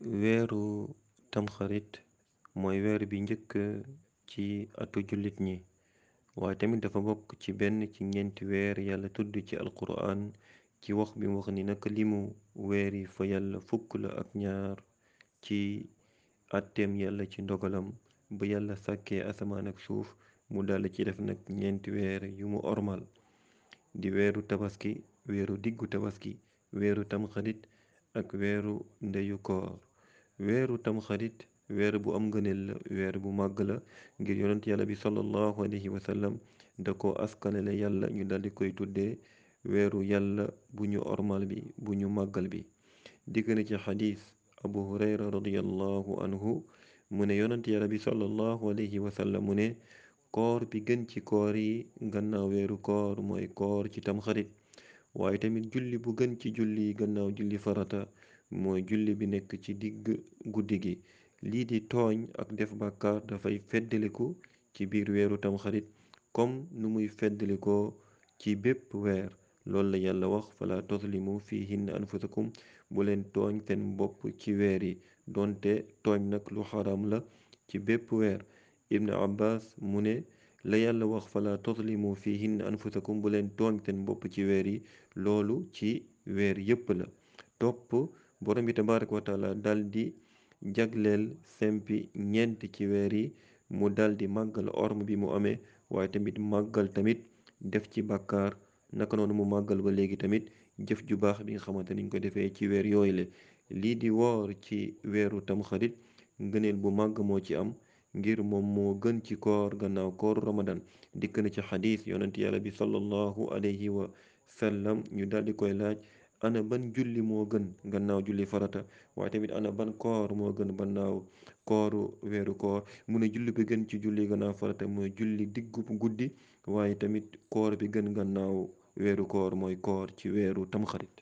weeru tamxarit mooy weer bi njëkk ci atu jullit ñi waaye tamit dafa bokk ci benn ci ñeenti weer yàlla tudd ci alquran ci wax bi mu wax ni nag limu weeri yi fa yàlla fukk la ak ñaar ci atteem yàlla ci ndogalam ba yàlla sàkkee asamaan ak suuf mu dal ci def nag ñeenti weer yu mu ormal di weeru tabaski weeru diggu tabaski weeru tamxarit ak weeru ndeyu koor weeru tamxarit weer bu am ngëneel la weer bu màgg la ngir yonent yàlla bi sallallahu alayhi wa sallam da ko askanele yàlla ñu daldi koy tuddee weeru yàlla bu ñu ormal bi bu ñu màggal bi dikk na ci xadis abu hurayra radiallahu anhu mu ne yonent yàlla bi sallallahu alayhi wa sallam mu ne koor bi gën ci koor yi gannaaw weeru koor mooy koor ci tamxarit waaye tamit julli bu gën ci julli gannaaw julli farata mooy julli bi nekk ci digg guddi gi lii di tooñ ak def bàkkaar dafay feddaliku ci biir weeru tamxarit kom nu muy feddalikoo ci bépp weer loolu la yàlla wax fala tazlimu fihinna anfusakum bu leen tooñ seen bopp ci weer yi donte tooñ nag lu xaram la ci bépp weer ibnu abbas mu ne la yàlla wax fala tazlimu fihinna anfusakum bu leen tooñ seen bopp ci weer yi loolu ci weer yépp la topp borom bi tabaraka wa taala dal di jagleel sempi ñeent ci weer yi mu dal di màggal orm bi mu amee waaye tamit màggal tamit def ci bàkkaar naka noonu mu màggal ba léegi tamit jëf ju baax bi nga xamante niñ ko defee ci weer yooyu le lii di woor ci weeru tamxarit ngëneel bu màgg moo ci am ngir moom moo gën ci koor gannaaw kooru ramadan dikk na ci xadis yonent yàlla bi sallallahu alayhi wa sallam ñu daldi koy laaj ana ban julli moo gën gannaaw julli farata waaye tamit ana ban koor moo gën gannaaw kooru weeru koor mu ne julli bi gën ci julli gannaaw farata mooy julli diggu guddi waaye tamit koor bi gën gannaaw weeru koor mooy koor ci weeru tamxarit